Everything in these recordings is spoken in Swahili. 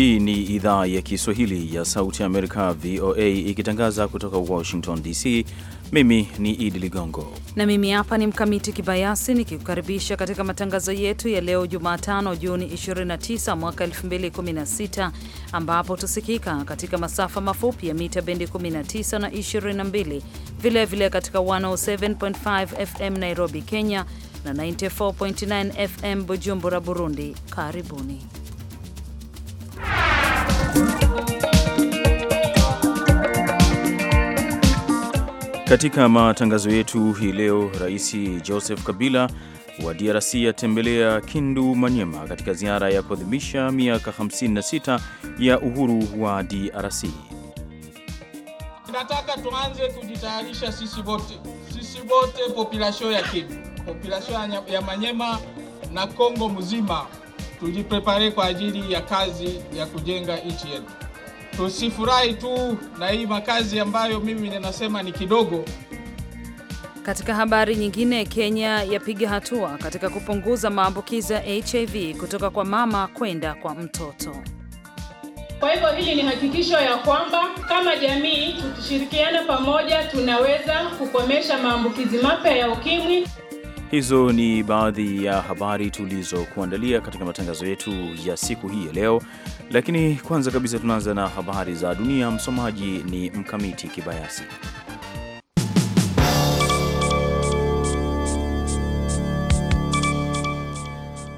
Hii ni idhaa ya Kiswahili ya Sauti ya Amerika, VOA, ikitangaza kutoka Washington DC. Mimi ni Idi Ligongo na mimi hapa ni Mkamiti Kibayasi nikikukaribisha katika matangazo yetu ya leo Jumatano, Juni 29 mwaka 2016, ambapo tusikika katika masafa mafupi ya mita bendi 19 na 22, vilevile vile katika 107.5 FM Nairobi, Kenya na 94.9 FM Bujumbura, Burundi. Karibuni. Katika matangazo yetu hii leo, Rais Joseph Kabila wa DRC atembelea Kindu Manyema katika ziara ya kuadhimisha miaka 56 ya uhuru wa DRC. Tunataka tuanze kujitayarisha sisi wote, sisi wote population ya Kindu, population ya Manyema na Kongo mzima tujiprepare kwa ajili ya kazi ya kujenga nchi yetu. Tusifurahi tu na hii makazi ambayo mimi ninasema ni kidogo. Katika habari nyingine, Kenya yapiga hatua katika kupunguza maambukizi ya HIV kutoka kwa mama kwenda kwa mtoto. Kwa hivyo hili ni hakikisho ya kwamba kama jamii tukishirikiana pamoja tunaweza kukomesha maambukizi mapya ya ukimwi. Hizo ni baadhi ya habari tulizokuandalia katika matangazo yetu ya siku hii ya leo, lakini kwanza kabisa tunaanza na habari za dunia. Msomaji ni Mkamiti Kibayasi.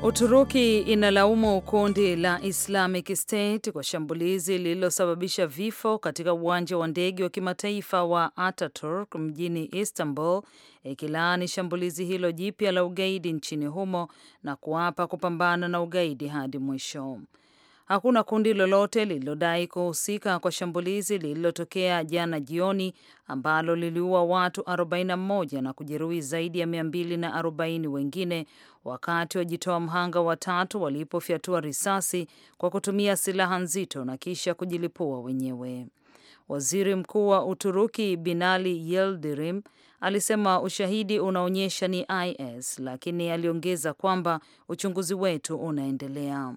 Uturuki inalaumu kundi la Islamic State kwa shambulizi lililosababisha vifo katika uwanja wa ndege wa kimataifa wa Ataturk mjini Istanbul, ikilaani shambulizi hilo jipya la ugaidi nchini humo na kuapa kupambana na ugaidi hadi mwisho. Hakuna kundi lolote lililodai kuhusika kwa shambulizi lililotokea jana jioni ambalo liliua watu 41 na kujeruhi zaidi ya 240 wengine wakati wajitoa mhanga watatu walipofyatua risasi kwa kutumia silaha nzito na kisha kujilipua wenyewe. Waziri Mkuu wa Uturuki Binali Yildirim alisema ushahidi unaonyesha ni IS, lakini aliongeza kwamba uchunguzi wetu unaendelea.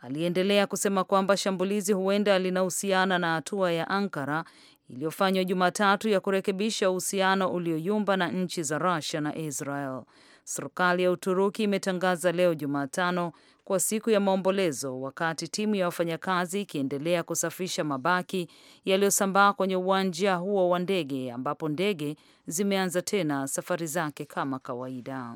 Aliendelea kusema kwamba shambulizi huenda linahusiana na hatua ya Ankara iliyofanywa Jumatatu ya kurekebisha uhusiano ulioyumba na nchi za rusia na Israel. Serikali ya Uturuki imetangaza leo Jumatano kwa siku ya maombolezo, wakati timu ya wafanyakazi ikiendelea kusafisha mabaki yaliyosambaa kwenye uwanja huo wa ndege, ambapo ndege zimeanza tena safari zake kama kawaida.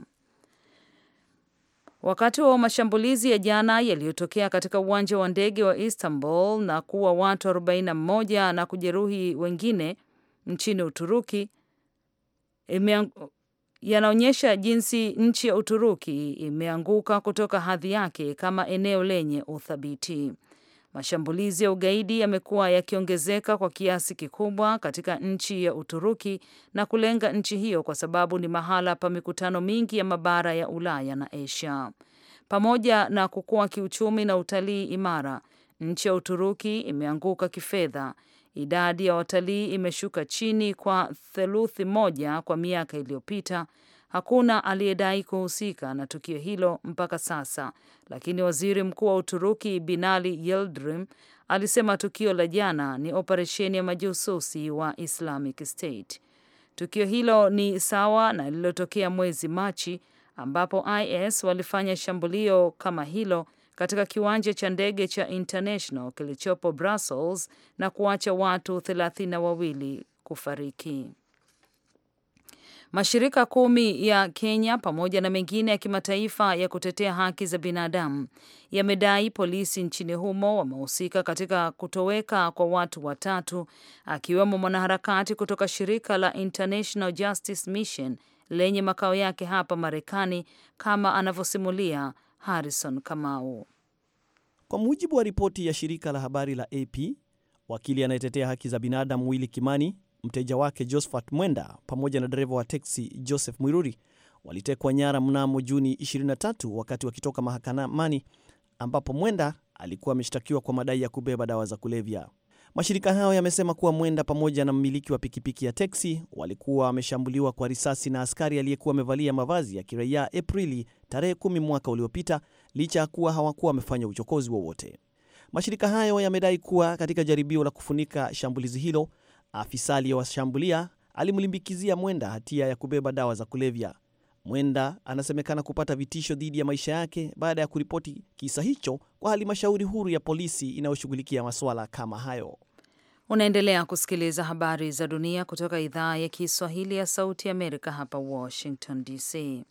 Wakati wa mashambulizi ya jana yaliyotokea katika uwanja wa ndege wa Istanbul na kuwa watu 41 na kujeruhi wengine nchini Uturuki yanaonyesha jinsi nchi ya Uturuki imeanguka kutoka hadhi yake kama eneo lenye uthabiti. Mashambulizi ya ugaidi yamekuwa yakiongezeka kwa kiasi kikubwa katika nchi ya Uturuki na kulenga nchi hiyo kwa sababu ni mahala pa mikutano mingi ya mabara ya Ulaya na Asia. Pamoja na kukua kiuchumi na utalii imara, nchi ya Uturuki imeanguka kifedha. Idadi ya watalii imeshuka chini kwa theluthi moja kwa miaka iliyopita Hakuna aliyedai kuhusika na tukio hilo mpaka sasa, lakini waziri mkuu wa Uturuki Binali Yildirim alisema tukio la jana ni operesheni ya majasusi wa Islamic State. Tukio hilo ni sawa na lililotokea mwezi Machi ambapo IS walifanya shambulio kama hilo katika kiwanja cha ndege cha International kilichopo Brussels na kuacha watu thelathini na wawili kufariki. Mashirika kumi ya Kenya pamoja na mengine ya kimataifa ya kutetea haki za binadamu yamedai polisi nchini humo wamehusika katika kutoweka kwa watu watatu, akiwemo mwanaharakati kutoka shirika la International Justice Mission lenye makao yake hapa Marekani, kama anavyosimulia Harrison Kamau. Kwa mujibu wa ripoti ya shirika la habari la AP, wakili anayetetea haki za binadamu Willy Kimani mteja wake Josephat Mwenda pamoja na dereva wa teksi Joseph Mwiruri walitekwa nyara mnamo Juni 23 wakati wakitoka mahakamani ambapo Mwenda alikuwa ameshtakiwa kwa madai ya kubeba dawa za kulevya. Mashirika hayo yamesema kuwa Mwenda pamoja na mmiliki wa pikipiki ya teksi walikuwa wameshambuliwa kwa risasi na askari aliyekuwa amevalia mavazi ya kiraia Aprili tarehe kumi mwaka uliopita, licha ya kuwa hawakuwa wamefanya uchokozi wowote Mashirika hayo yamedai kuwa katika jaribio la kufunika shambulizi hilo, Afisa aliyewashambulia alimlimbikizia Mwenda hatia ya kubeba dawa za kulevya. Mwenda anasemekana kupata vitisho dhidi ya maisha yake baada ya kuripoti kisa hicho kwa halmashauri huru ya polisi inayoshughulikia masuala kama hayo. Unaendelea kusikiliza habari za dunia kutoka idhaa ya Kiswahili ya Sauti Amerika, hapa Washington DC.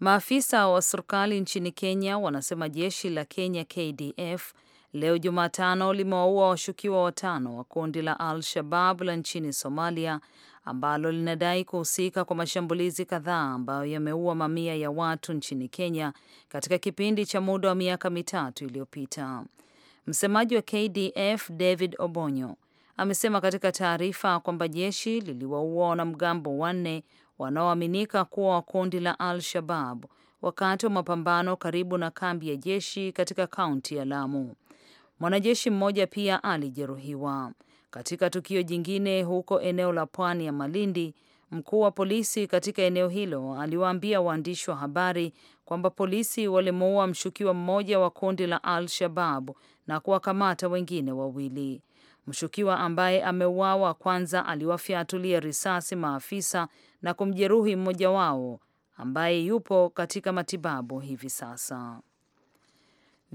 Maafisa wa serikali nchini Kenya wanasema jeshi la Kenya KDF leo Jumatano limewaua washukiwa watano wa kundi la Al Shabab la nchini Somalia ambalo linadai kuhusika kwa mashambulizi kadhaa ambayo yameua mamia ya watu nchini Kenya katika kipindi cha muda wa miaka mitatu iliyopita. Msemaji wa KDF David Obonyo amesema katika taarifa kwamba jeshi liliwaua wanamgambo wanne wanaoaminika kuwa wa kundi la Al Shabab wakati wa mapambano karibu na kambi ya jeshi katika kaunti ya Lamu. Mwanajeshi mmoja pia alijeruhiwa. Katika tukio jingine huko eneo la pwani ya Malindi, mkuu wa polisi katika eneo hilo aliwaambia waandishi wa habari kwamba polisi walimuua mshukiwa mmoja wa kundi la Al shababu na kuwakamata wengine wawili. Mshukiwa ambaye ameuawa kwanza aliwafyatulia risasi maafisa na kumjeruhi mmoja wao ambaye yupo katika matibabu hivi sasa.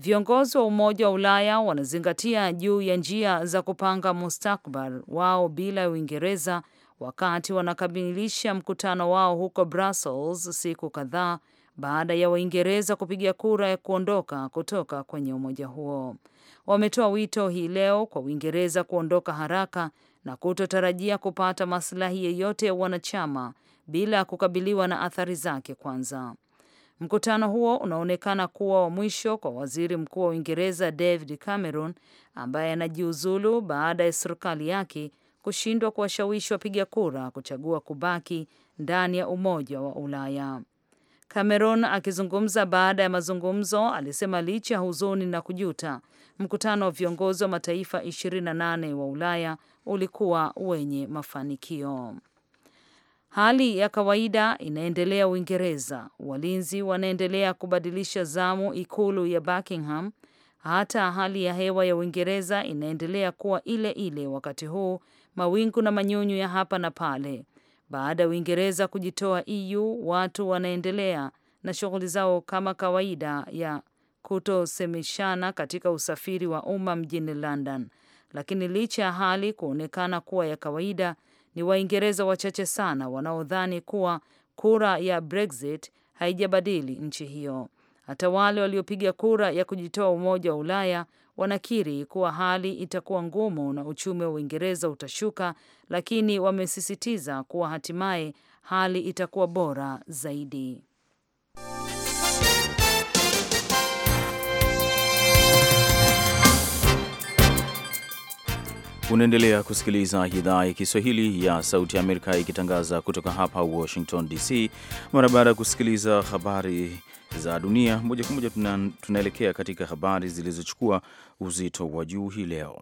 Viongozi wa Umoja wa Ulaya wanazingatia juu ya njia za kupanga mustakbal wao bila ya Uingereza wakati wanakamilisha mkutano wao huko Brussels siku kadhaa baada ya Waingereza kupiga kura ya kuondoka kutoka kwenye umoja huo. Wametoa wito hii leo kwa Uingereza kuondoka haraka na kutotarajia kupata masilahi yeyote ya wanachama bila kukabiliwa na athari zake kwanza. Mkutano huo unaonekana kuwa wa mwisho kwa waziri mkuu wa Uingereza David Cameron ambaye anajiuzulu baada ya serikali yake kushindwa kuwashawishi wapiga kura kuchagua kubaki ndani ya Umoja wa Ulaya. Cameron akizungumza baada ya mazungumzo alisema licha ya huzuni na kujuta, mkutano wa viongozi wa mataifa 28 wa Ulaya ulikuwa wenye mafanikio. Hali ya kawaida inaendelea Uingereza. Walinzi wanaendelea kubadilisha zamu ikulu ya Buckingham. Hata hali ya hewa ya Uingereza inaendelea kuwa ile ile wakati huu, mawingu na manyunyu ya hapa na pale. Baada ya Uingereza kujitoa EU, watu wanaendelea na shughuli zao kama kawaida ya kutosemeshana katika usafiri wa umma mjini London. Lakini licha ya hali kuonekana kuwa ya kawaida, ni Waingereza wachache sana wanaodhani kuwa kura ya Brexit haijabadili nchi hiyo. Hata wale waliopiga kura ya kujitoa Umoja wa Ulaya wanakiri kuwa hali itakuwa ngumu na uchumi wa Uingereza utashuka, lakini wamesisitiza kuwa hatimaye hali itakuwa bora zaidi. Unaendelea kusikiliza idhaa ya Kiswahili ya Sauti ya Amerika ikitangaza kutoka hapa Washington DC. Mara baada ya kusikiliza habari za dunia moja kwa moja, tunaelekea katika habari zilizochukua uzito wa juu hii leo.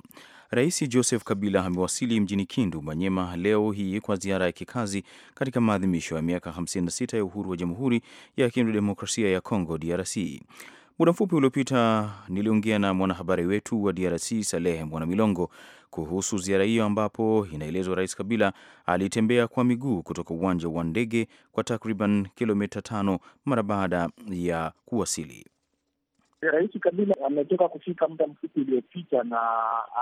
Rais Joseph Kabila amewasili mjini Kindu, Manyema leo hii kwa ziara ya kikazi katika maadhimisho ya miaka 56 ya uhuru wa Jamhuri ya Kidemokrasia ya congo DRC. Muda mfupi uliopita niliongea na mwanahabari wetu wa DRC Saleh Mwanamilongo kuhusu ziara hiyo, ambapo inaelezwa Rais Kabila alitembea kwa miguu kutoka uwanja wa ndege kwa takriban kilomita tano mara baada ya kuwasili. Rais Kabila ametoka kufika muda mfupi uliopita na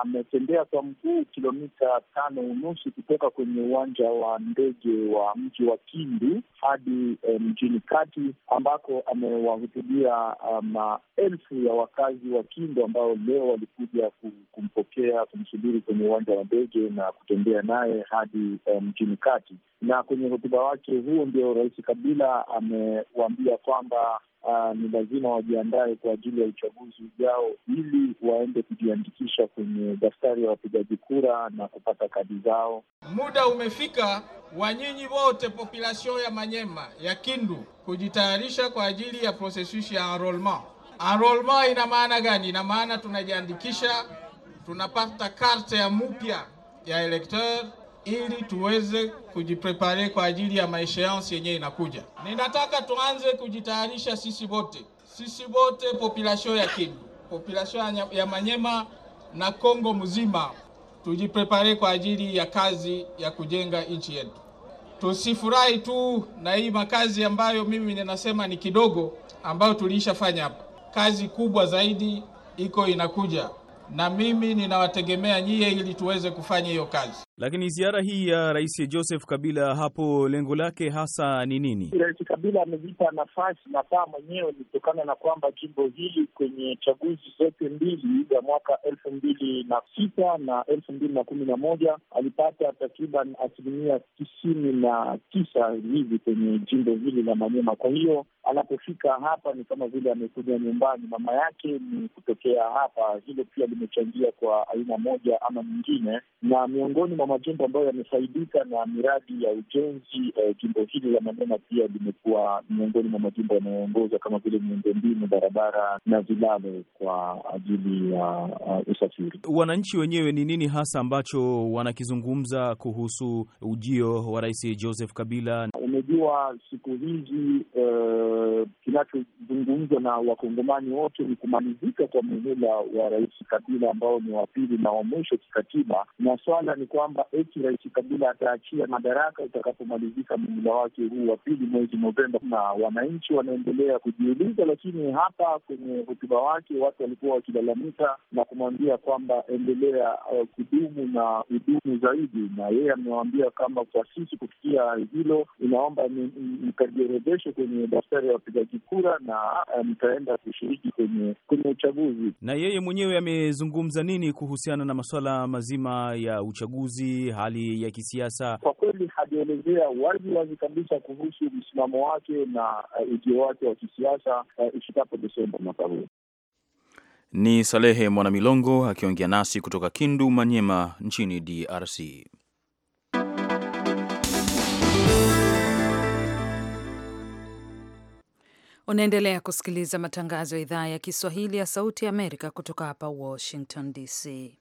ametembea kwa mguu kilomita tano unusu kutoka kwenye uwanja wa ndege wa mji wa Kindu hadi eh, mjini kati ambako amewahutubia ah, maelfu ya wakazi wa Kindu ambao leo walikuja kumpokea, kumsubiri kwenye uwanja wa ndege na kutembea naye hadi eh, mjini kati. Na kwenye hotuba wake huo, ndio Rais Kabila amewaambia kwamba Ah, ni lazima wajiandae kwa ajili ya uchaguzi ujao, ili waende kujiandikisha kwenye daftari ya wapigaji kura na kupata kadi zao. Muda umefika wa nyinyi wote population ya Manyema ya Kindu kujitayarisha kwa ajili ya processus ya enrolement. Enrolement ina maana gani? Ina maana tunajiandikisha, tunapata karte ya mpya ya electeur ili tuweze kujiprepare kwa ajili ya maisheansi yenyewe inakuja. Ninataka tuanze kujitayarisha sisi wote, sisi wote population ya Kindu, population ya Manyema na Kongo mzima, tujiprepare kwa ajili ya kazi ya kujenga nchi yetu. Tusifurahi tu na hii makazi ambayo mimi ninasema ni kidogo, ambayo tuliishafanya hapa. Kazi kubwa zaidi iko inakuja, na mimi ninawategemea nyie ili tuweze kufanya hiyo kazi. Lakini ziara hii ya Rais Joseph Kabila hapo lengo lake hasa ni nini? Rais Kabila amejipa nafasi na paa mwenyewe ni kutokana na kwamba jimbo hili kwenye chaguzi zote mbili za mwaka elfu mbili na sita na elfu mbili na kumi na moja alipata takriban asilimia tisini na tisa hivi kwenye jimbo hili la Manyema. Kwa hiyo anapofika hapa ni kama vile amekuja nyumbani, mama yake ni kutokea hapa. Hilo pia limechangia kwa aina moja ama nyingine, na miongoni mwa majimbo ambayo yamefaidika na miradi ya ujenzi eh, jimbo hili la Maniema pia limekuwa miongoni mwa majimbo yanayoongozwa kama vile miundombinu, barabara na vilalo kwa ajili ya uh, uh, usafiri. Wananchi wenyewe ni nini hasa ambacho wanakizungumza kuhusu ujio wa Rais Joseph Kabila? Umejua siku hizi eh, kinachozungumzwa na wakongomani wote ni kumalizika kwa muhula wa Rais Kabila ambao ni wa pili na wa mwisho kikatiba, na swala ni kwamba kwamba eti Rais Kabila ataachia madaraka itakapomalizika muhula wake huu wa pili mwezi Novemba, na wananchi wanaendelea kujiuliza. Lakini hapa kwenye hotuba wake watu walikuwa wakilalamika na kumwambia kwamba endelea uh, kudumu na hudumu zaidi, na yeye amewaambia kwamba sisi kufikia hilo inaomba nikajiorodheshe kwenye daftari ya wapigaji kura na mtaenda eh, kushiriki kwenye kwenye uchaguzi. Na yeye mwenyewe amezungumza nini kuhusiana na masuala mazima ya uchaguzi nchi, hali ya kisiasa? Kwa kweli hajaelezea wazi wazi kabisa kuhusu msimamo wake na eh, ujio wake wa kisiasa eh, ifikapo Desemba mwaka huu. Ni Salehe Mwanamilongo akiongea nasi kutoka Kindu, Manyema nchini DRC. Unaendelea kusikiliza matangazo ya idhaa ya Kiswahili ya Sauti ya Amerika kutoka hapa Washington DC.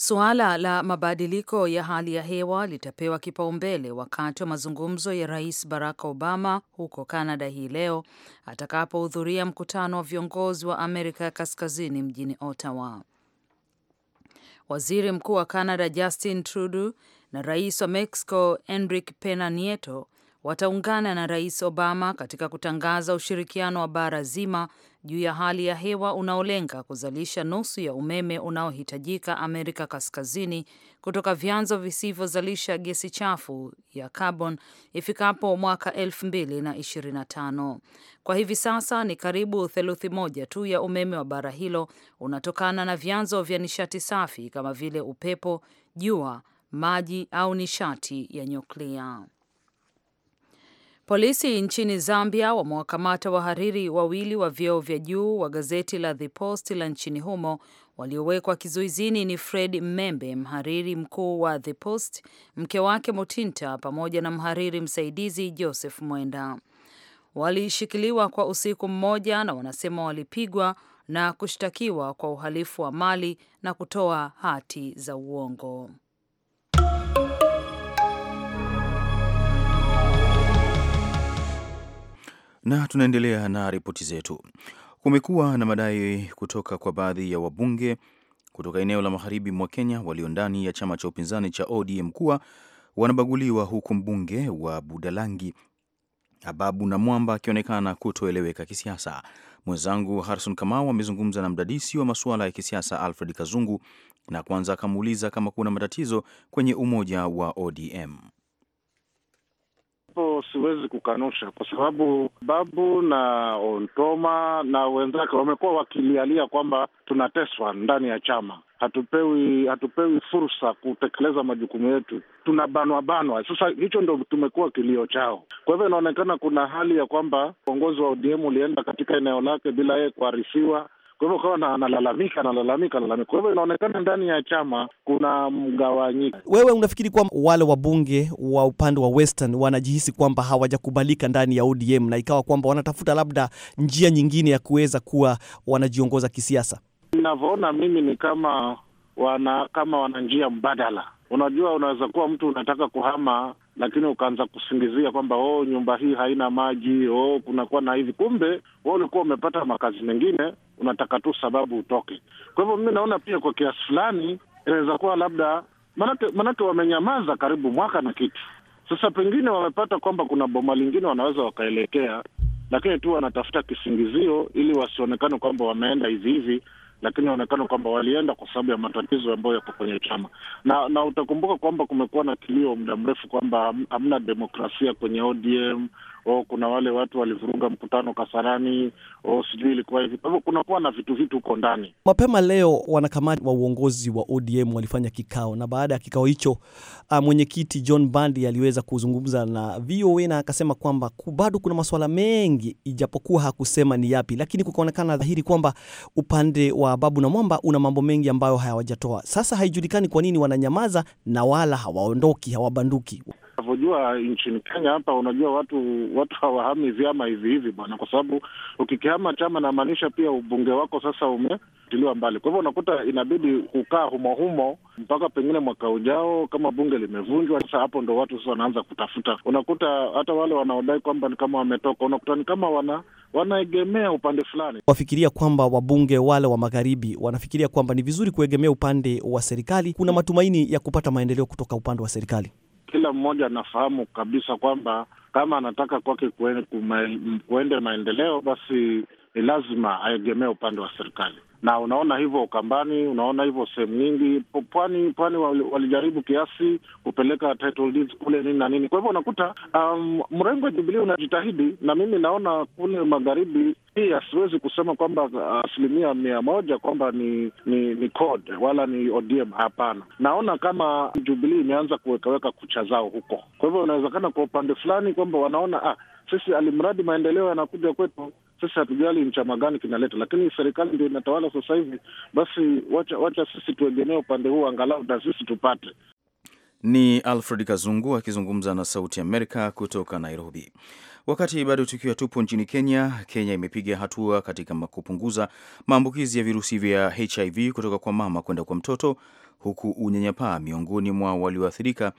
Suala la mabadiliko ya hali ya hewa litapewa kipaumbele wakati wa mazungumzo ya Rais Barack Obama huko Canada hii leo atakapohudhuria mkutano wa viongozi wa Amerika ya Kaskazini mjini Ottawa. Waziri Mkuu wa Canada Justin Trudeau na Rais wa Mexico Enrique Pena Nieto wataungana na Rais Obama katika kutangaza ushirikiano wa bara zima juu ya hali ya hewa unaolenga kuzalisha nusu ya umeme unaohitajika Amerika Kaskazini kutoka vyanzo visivyozalisha gesi chafu ya carbon ifikapo mwaka 2025. Kwa hivi sasa ni karibu theluthi moja tu ya umeme wa bara hilo unatokana na vyanzo vya nishati safi kama vile upepo, jua, maji au nishati ya nyuklia. Polisi nchini Zambia wamewakamata wahariri wawili wa vyeo vya juu wa gazeti la The Post la nchini humo. Waliowekwa kizuizini ni Fred Mmembe, mhariri mkuu wa The Post, mke wake Motinta pamoja na mhariri msaidizi Joseph Mwenda. Walishikiliwa kwa usiku mmoja na wanasema walipigwa na kushtakiwa kwa uhalifu wa mali na kutoa hati za uongo. Na tunaendelea na ripoti zetu. Kumekuwa na madai kutoka kwa baadhi ya wabunge kutoka eneo la magharibi mwa Kenya walio ndani ya chama cha upinzani cha ODM kuwa wanabaguliwa, huku mbunge wa Budalangi Ababu mwamba akionekana kutoeleweka kisiasa. Mwenzangu Harrison Kamau amezungumza na mdadisi wa masuala ya kisiasa Alfred Kazungu na kwanza akamuuliza kama kuna matatizo kwenye umoja wa ODM hapo siwezi kukanusha, kwa sababu Babu na Ontoma na wenzake wamekuwa wakilialia kwamba tunateswa ndani ya chama, hatupewi hatupewi fursa kutekeleza majukumu yetu, tunabanwa banwa. Sasa hicho ndo tumekuwa kilio chao. Kwa hivyo inaonekana kuna hali ya kwamba uongozi wa ODM ulienda katika eneo lake bila yeye kuarifiwa kwa hivyo ukawa analalamika analalamika analalamika. Kwa hivyo inaonekana ndani ya chama kuna mgawanyiko. Wewe unafikiri kwamba wale wabunge wa upande wa Western wanajihisi kwamba hawajakubalika ndani ya ODM na ikawa kwamba wanatafuta labda njia nyingine ya kuweza kuwa wanajiongoza kisiasa? Ninavyoona mimi ni kama wana kama wana njia mbadala. Unajua, unaweza kuwa mtu unataka kuhama, lakini ukaanza kusingizia kwamba oh, nyumba hii haina maji, oh, kunakuwa na hivi. Kumbe wewe ulikuwa umepata makazi mengine, unataka tu sababu utoke. Kwa hivyo mimi naona pia kwa kiasi fulani inaweza kuwa labda, manake, manake wamenyamaza karibu mwaka na kitu sasa, pengine wamepata kwamba kuna boma lingine wanaweza wakaelekea, lakini tu wanatafuta kisingizio ili wasionekane kwamba wameenda hivi hivi lakini aonekana kwamba walienda kwa sababu ya matatizo ambayo yako kwenye chama, na na utakumbuka kwamba kumekuwa na kilio muda mrefu kwamba hamna demokrasia kwenye ODM, o kuna wale watu walivuruga mkutano Kasarani, o sijui ilikuwa hivi. Kwa hivyo kunakuwa na vitu vitu huko ndani. Mapema leo wanakamati wa uongozi wa ODM walifanya kikao, na baada ya kikao hicho ah, mwenyekiti John Bandi aliweza kuzungumza na VOA na akasema kwamba bado kuna masuala mengi, ijapokuwa hakusema ni yapi, lakini kukaonekana dhahiri kwamba upande wa Babu na Mwamba una mambo mengi ambayo hayawajatoa. Sasa haijulikani kwa nini wananyamaza na wala hawaondoki, hawabanduki unavyojua nchini Kenya hapa, unajua watu watu hawahami vyama hivi hivi bwana, kwa sababu ukikihama chama namaanisha pia ubunge wako sasa umetiliwa mbali. Kwa hivyo unakuta inabidi kukaa humohumo mpaka pengine mwaka ujao, kama bunge limevunjwa. Sasa hapo ndo watu sasa wanaanza kutafuta, unakuta hata wale wanaodai kwamba ni kama wametoka, unakuta ni kama wana wanaegemea upande fulani. Wafikiria kwamba wabunge wale wa magharibi wanafikiria kwamba ni vizuri kuegemea upande wa serikali, kuna matumaini ya kupata maendeleo kutoka upande wa serikali kila mmoja anafahamu kabisa kwamba kama anataka kwake kuende, maendeleo basi ni lazima aegemee upande wa serikali, na unaona hivyo Ukambani, unaona hivyo sehemu nyingi pwani. Pwani walijaribu kiasi kupeleka title deeds kule nini na nini. Kwa hivyo unakuta um, mrengo wa jubilii unajitahidi, na mimi naona kule magharibi pia siwezi kusema kwamba uh, asilimia mia moja kwamba ni ni, ni CORD wala ni ODM. Hapana, naona kama Jubilii imeanza kuwekaweka kucha zao huko. Kwa hivyo inawezekana kwa upande fulani kwamba wanaona ah, sisi alimradi maendeleo yanakuja kwetu, sisi hatujali ni chama gani kinaleta, lakini serikali ndio inatawala sasa hivi. Basi wacha, wacha sisi tuegemee upande huu angalau na sisi tupate. Ni Alfred Kazungu akizungumza na Sauti Amerika kutoka Nairobi. Wakati bado tukiwa tupo nchini Kenya, Kenya imepiga hatua katika kupunguza maambukizi ya virusi vya HIV kutoka kwa mama kwenda kwa mtoto, huku unyanyapaa miongoni mwa walioathirika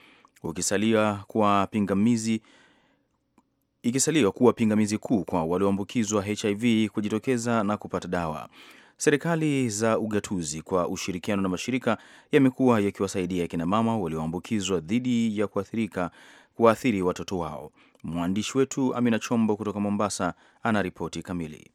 ukisalia kwa pingamizi ikisaliwa kuwa pingamizi kuu kwa walioambukizwa HIV kujitokeza na kupata dawa. Serikali za ugatuzi kwa ushirikiano na mashirika yamekuwa yakiwasaidia akinamama walioambukizwa dhidi ya kuathirika kuwaathiri watoto wao. Mwandishi wetu Amina Chombo kutoka Mombasa ana ripoti kamili.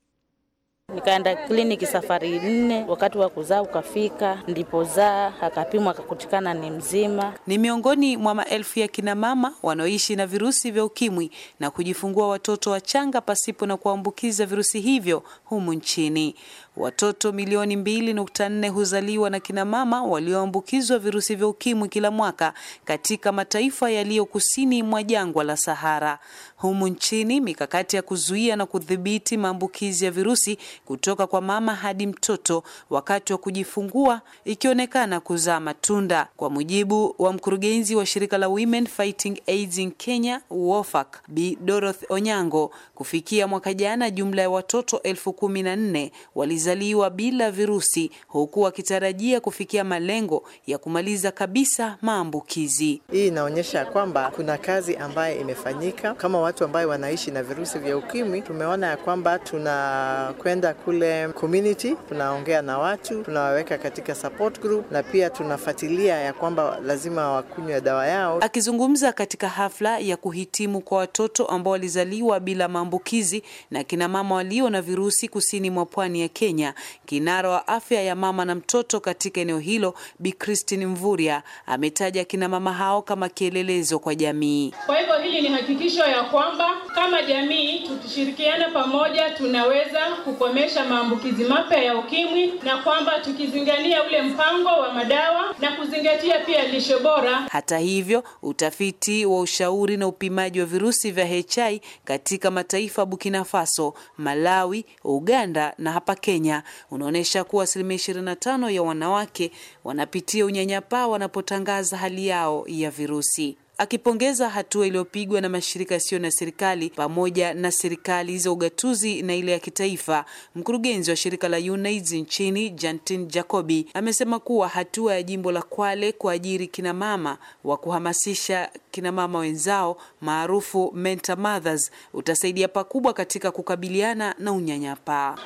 Nikaenda kliniki safari nne, wakati wa kuzaa ukafika, ndipozaa akapimwa akakutikana ni mzima. Ni miongoni mwa maelfu ya kina mama wanaoishi na virusi vya ukimwi na kujifungua watoto wachanga pasipo na kuambukiza virusi hivyo humu nchini. Watoto milioni 2.4 huzaliwa na kinamama walioambukizwa virusi vya ukimwi kila mwaka katika mataifa yaliyo kusini mwa jangwa la Sahara. Humu nchini mikakati ya kuzuia na kudhibiti maambukizi ya virusi kutoka kwa mama hadi mtoto wakati wa kujifungua ikionekana kuzaa matunda. Kwa mujibu wa mkurugenzi wa shirika la Women Fighting AIDS in Kenya WOFAC, B Dorothy Onyango, kufikia mwaka jana jumla ya watoto elfu kumi na nne wali walizaliwa bila virusi huku wakitarajia kufikia malengo ya kumaliza kabisa maambukizi. Hii inaonyesha kwamba kuna kazi ambayo imefanyika. Kama watu ambayo wanaishi na virusi vya ukimwi, tumeona ya kwamba tunakwenda kule community, tunaongea na watu, tunawaweka katika support group na pia tunafuatilia ya kwamba lazima wakunywe dawa yao. Akizungumza katika hafla ya kuhitimu kwa watoto ambao walizaliwa bila maambukizi na kina mama walio na virusi kusini mwa pwani ya Kenya Kenya. Kinara wa afya ya mama na mtoto katika eneo hilo Bi Christine Mvurya ametaja kina mama hao kama kielelezo kwa jamii. Kwa hivyo hili ni hakikisho ya kwamba kama jamii tukishirikiana pamoja, tunaweza kukomesha maambukizi mapya ya ukimwi na kwamba tukizingania ule mpango wa madawa na kuzingatia pia lishe bora. Hata hivyo, utafiti wa ushauri na upimaji wa virusi vya HIV katika mataifa Burkina Faso, Malawi, Uganda na hapa Kenya Kenya unaonyesha kuwa asilimia 25 ya wanawake wanapitia unyanyapaa wanapotangaza hali yao ya virusi. Akipongeza hatua iliyopigwa na mashirika yasiyo na serikali pamoja na serikali za ugatuzi na ile ya kitaifa, mkurugenzi wa shirika la UNAIDS nchini Jantin Jacobi amesema kuwa hatua ya jimbo la Kwale kuajiri kinamama wa kuhamasisha kinamama wenzao maarufu Mentor Mothers utasaidia pakubwa katika kukabiliana na unyanyapaa.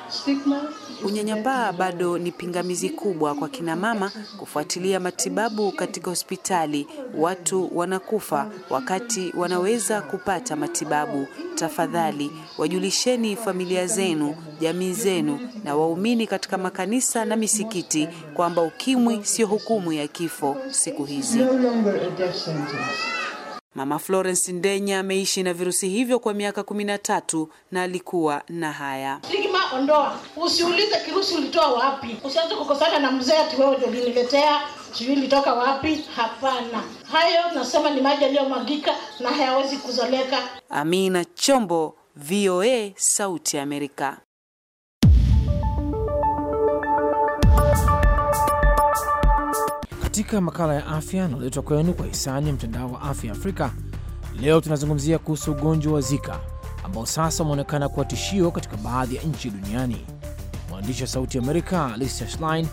Unyanyapaa bado ni pingamizi kubwa kwa kinamama kufuatilia matibabu katika hospitali. Watu wanakufa wakati wanaweza kupata matibabu. Tafadhali wajulisheni familia zenu, jamii zenu na waumini katika makanisa na misikiti kwamba ukimwi sio hukumu ya kifo siku hizi. Mama Florence Ndenya ameishi na virusi hivyo kwa miaka kumi na tatu na alikuwa na haya. Stigma ondoa, usiulize kirusi ulitoa wapi, usianze kukosana na mzee ati wewe ndio uliniletea, sijui ilitoka wapi. Hapana, hayo nasema ni maji yaliyomwagika na hayawezi kuzoleka. Amina Chombo, VOA, Sauti ya Amerika. Katika makala ya afya naoletwa kwenu kwa hisani mtandao wa afya Afrika, leo tunazungumzia kuhusu ugonjwa wa Zika ambao sasa umeonekana kuwa tishio katika baadhi ya nchi duniani. Mwandishi wa Sauti Amerika Lisa Schlein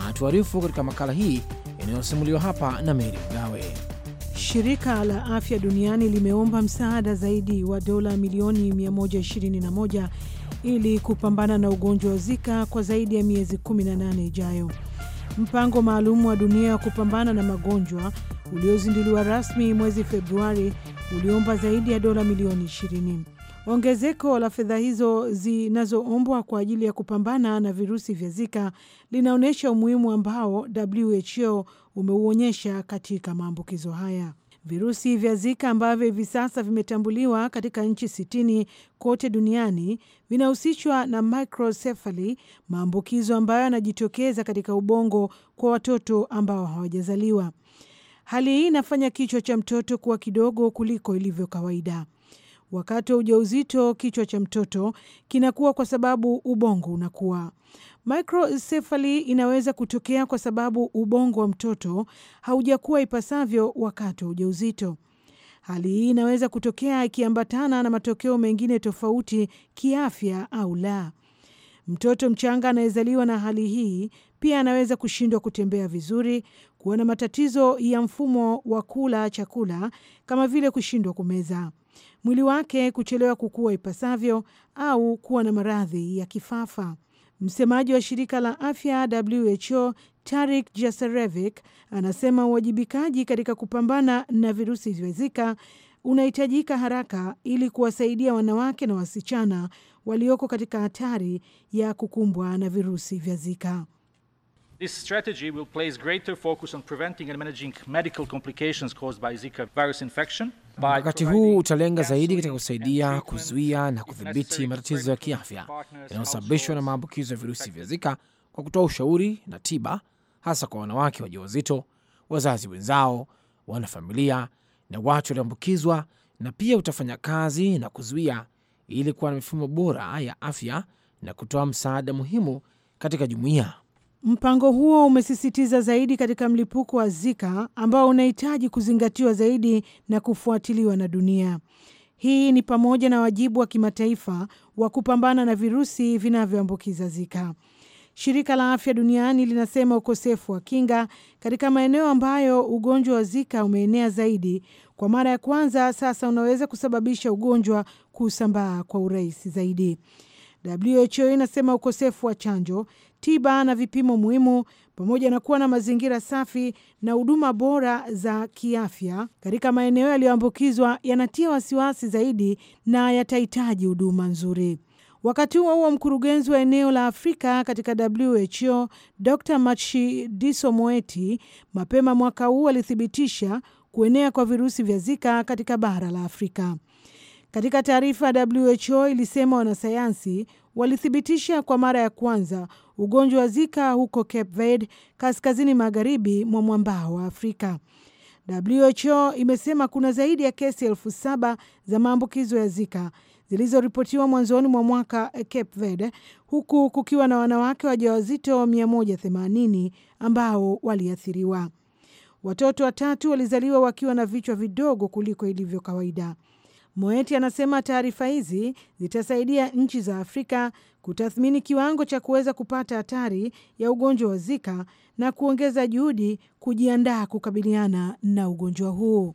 anatuarifu katika makala hii inayosimuliwa hapa na Meri Mgawe. Shirika la Afya Duniani limeomba msaada zaidi wa dola milioni 121 ili kupambana na ugonjwa wa Zika kwa zaidi ya miezi 18 ijayo mpango maalum wa dunia wa kupambana na magonjwa uliozinduliwa rasmi mwezi Februari uliomba zaidi ya dola milioni 20. Ongezeko la fedha hizo zinazoombwa kwa ajili ya kupambana na virusi vya Zika linaonyesha umuhimu ambao WHO umeuonyesha katika maambukizo haya. Virusi vya Zika ambavyo hivi sasa vimetambuliwa katika nchi sitini kote duniani vinahusishwa na microcephaly, maambukizo ambayo yanajitokeza katika ubongo kwa watoto ambao hawajazaliwa. Hali hii inafanya kichwa cha mtoto kuwa kidogo kuliko ilivyo kawaida. Wakati wa ujauzito, kichwa cha mtoto kinakuwa kwa sababu ubongo unakuwa. Microcephaly inaweza kutokea kwa sababu ubongo wa mtoto haujakuwa ipasavyo wakati wa ujauzito. Hali hii inaweza kutokea ikiambatana na matokeo mengine tofauti kiafya au la. Mtoto mchanga anayezaliwa na hali hii pia anaweza kushindwa kutembea vizuri, kuwa na matatizo ya mfumo wa kula chakula kama vile kushindwa kumeza, mwili wake kuchelewa kukua ipasavyo, au kuwa na maradhi ya kifafa. Msemaji wa shirika la afya WHO Tarik jaserevic anasema uwajibikaji katika kupambana na virusi vya Zika unahitajika haraka ili kuwasaidia wanawake na wasichana walioko katika hatari ya kukumbwa na virusi vya Zika. This strategy will place greater focus on preventing and managing medical complications caused by Zika virus infection. Wakati huu utalenga zaidi katika kusaidia kuzuia na kudhibiti matatizo ya kiafya yanayosababishwa na maambukizo ya virusi vya Zika kwa kutoa ushauri na tiba, hasa kwa wanawake wajawazito, wazazi wenzao, wanafamilia na watu walioambukizwa, na pia utafanya kazi na kuzuia ili kuwa na mifumo bora ya afya na kutoa msaada muhimu katika jumuiya. Mpango huo umesisitiza zaidi katika mlipuko wa Zika ambao unahitaji kuzingatiwa zaidi na kufuatiliwa na dunia. Hii ni pamoja na wajibu wa kimataifa wa kupambana na virusi vinavyoambukiza Zika. Shirika la Afya Duniani linasema ukosefu wa kinga katika maeneo ambayo ugonjwa wa Zika umeenea zaidi kwa mara ya kwanza sasa unaweza kusababisha ugonjwa kusambaa kwa urahisi zaidi. WHO inasema ukosefu wa chanjo, tiba na vipimo muhimu pamoja na kuwa na mazingira safi na huduma bora za kiafya katika maeneo yaliyoambukizwa yanatia wasiwasi zaidi na yatahitaji huduma nzuri. Wakati huo huo, mkurugenzi wa eneo la Afrika katika WHO Dr Matshidiso Moeti mapema mwaka huu alithibitisha kuenea kwa virusi vya Zika katika bara la Afrika. Katika taarifa, WHO ilisema wanasayansi walithibitisha kwa mara ya kwanza ugonjwa wa Zika huko Cape Verde, kaskazini magharibi mwa mwambao wa Afrika. WHO imesema kuna zaidi ya kesi elfu saba za maambukizo ya Zika zilizoripotiwa mwanzoni mwa mwaka Cape Verde, huku kukiwa na wanawake wajawazito 180 ambao waliathiriwa. Watoto watatu walizaliwa wakiwa na vichwa vidogo kuliko ilivyo kawaida. Moeti anasema taarifa hizi zitasaidia nchi za Afrika kutathmini kiwango cha kuweza kupata hatari ya ugonjwa wa Zika na kuongeza juhudi kujiandaa kukabiliana na ugonjwa huu.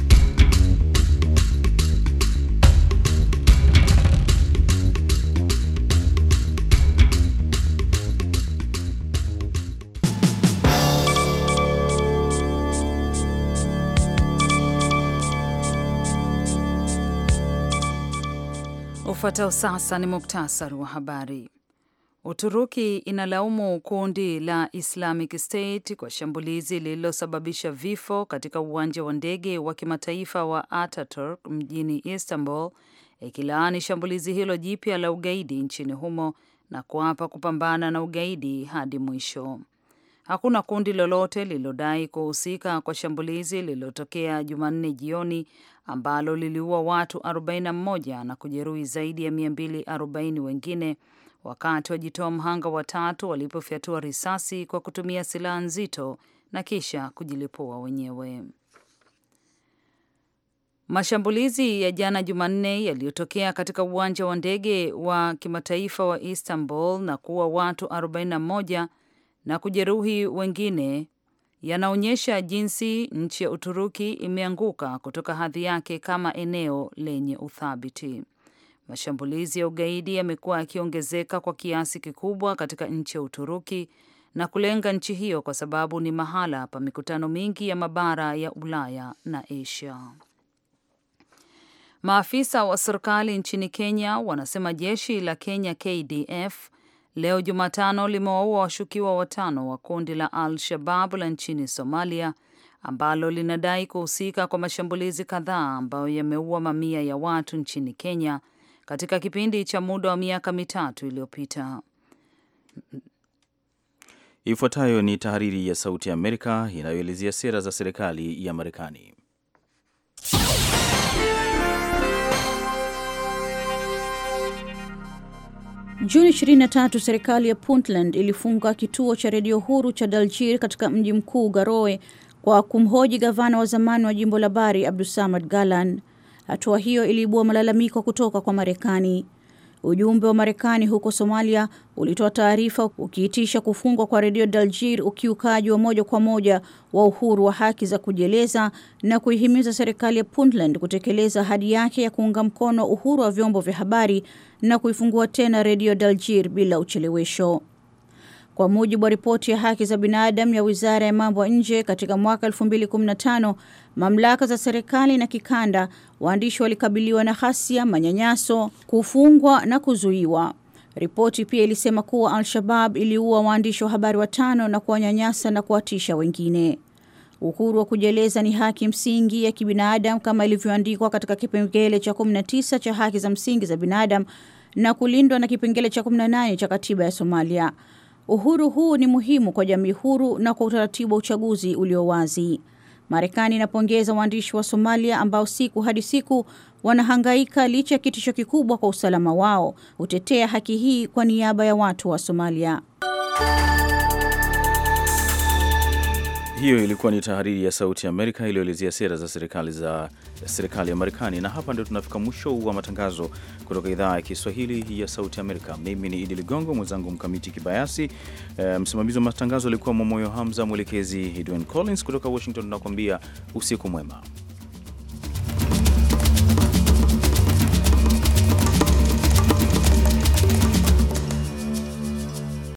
Ufuatao sasa ni muktasari wa habari. Uturuki inalaumu kundi la Islamic State kwa shambulizi lililosababisha vifo katika uwanja wa ndege wa kimataifa wa Ataturk mjini Istanbul, ikilaani shambulizi hilo jipya la ugaidi nchini humo na kuapa kupambana na ugaidi hadi mwisho. Hakuna kundi lolote lililodai kuhusika kwa shambulizi lililotokea Jumanne jioni ambalo liliua watu 41 na kujeruhi zaidi ya 240 wengine wakati wajitoa mhanga watatu walipofyatua risasi kwa kutumia silaha nzito na kisha kujilipua wenyewe. Mashambulizi ya jana Jumanne yaliyotokea katika uwanja wa ndege wa kimataifa wa Istanbul na kuua watu 41 na kujeruhi wengine yanaonyesha jinsi nchi ya Uturuki imeanguka kutoka hadhi yake kama eneo lenye uthabiti. Mashambulizi ya ugaidi yamekuwa yakiongezeka kwa kiasi kikubwa katika nchi ya Uturuki na kulenga nchi hiyo kwa sababu ni mahala pa mikutano mingi ya mabara ya Ulaya na Asia. Maafisa wa serikali nchini Kenya wanasema jeshi la Kenya KDF leo Jumatano limewaua washukiwa watano wa kundi la Al Shabab la nchini Somalia ambalo linadai kuhusika kwa mashambulizi kadhaa ambayo yameua mamia ya watu nchini Kenya katika kipindi cha muda wa miaka mitatu iliyopita. Ifuatayo ni tahariri ya Sauti ya Amerika inayoelezea sera za serikali ya Marekani. Juni 23 serikali ya Puntland ilifunga kituo cha redio huru cha Daljir katika mji mkuu Garowe kwa kumhoji gavana wa zamani wa jimbo la Bari Abdusamad Galan. Hatua hiyo iliibua malalamiko kutoka kwa Marekani. Ujumbe wa Marekani huko Somalia ulitoa taarifa ukiitisha kufungwa kwa redio Daljir, ukiukaji wa moja kwa moja wa uhuru wa haki za kujieleza, na kuihimiza serikali ya Puntland kutekeleza ahadi yake ya kuunga mkono uhuru wa vyombo vya habari na kuifungua tena redio Daljir bila uchelewesho. Kwa mujibu wa ripoti ya haki za binadamu ya Wizara ya Mambo ya Nje katika mwaka 2015, mamlaka za serikali na kikanda, waandishi walikabiliwa na ghasia, manyanyaso, kufungwa na kuzuiwa. Ripoti pia ilisema kuwa Al-Shabab iliua waandishi wa habari watano na kuwanyanyasa na kuwatisha wengine. Uhuru wa kujieleza ni haki msingi ya kibinadamu kama ilivyoandikwa katika kipengele cha 19 cha haki za msingi za binadamu na kulindwa na kipengele cha 18 cha katiba ya Somalia. Uhuru huu ni muhimu kwa jamii huru na kwa utaratibu wa uchaguzi ulio wazi. Marekani inapongeza waandishi wa Somalia ambao siku hadi siku wanahangaika licha ya kitisho kikubwa kwa usalama wao, hutetea haki hii kwa niaba ya watu wa Somalia. Hiyo ilikuwa ni tahariri ya Sauti ya Amerika iliyoelezea sera za serikali za serikali ya Marekani, na hapa ndio tunafika mwisho wa matangazo kutoka idhaa ya Kiswahili ya Sauti Amerika. Mimi ni Idi Ligongo, mwenzangu Mkamiti Kibayasi. E, msimamizi wa matangazo alikuwa Momoyo Hamza, mwelekezi Edwin Collins kutoka Washington. Tunakuambia usiku mwema.